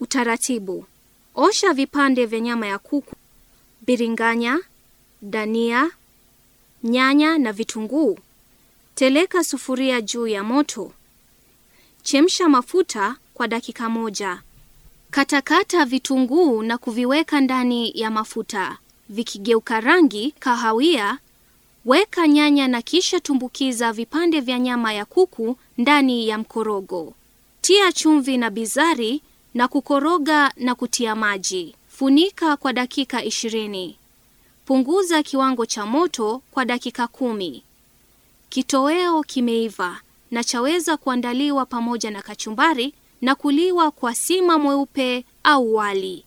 Utaratibu: osha vipande vya nyama ya kuku, biringanya, dania, nyanya na vitunguu. Teleka sufuria juu ya moto, chemsha mafuta kwa dakika moja. Katakata vitunguu na kuviweka ndani ya mafuta. Vikigeuka rangi kahawia, weka nyanya na kisha tumbukiza vipande vya nyama ya kuku ndani ya mkorogo. Tia chumvi na bizari na kukoroga na kutia maji. Funika kwa dakika ishirini. Punguza kiwango cha moto kwa dakika kumi. Kitoweo kimeiva na chaweza kuandaliwa pamoja na kachumbari na kuliwa kwa sima mweupe au wali.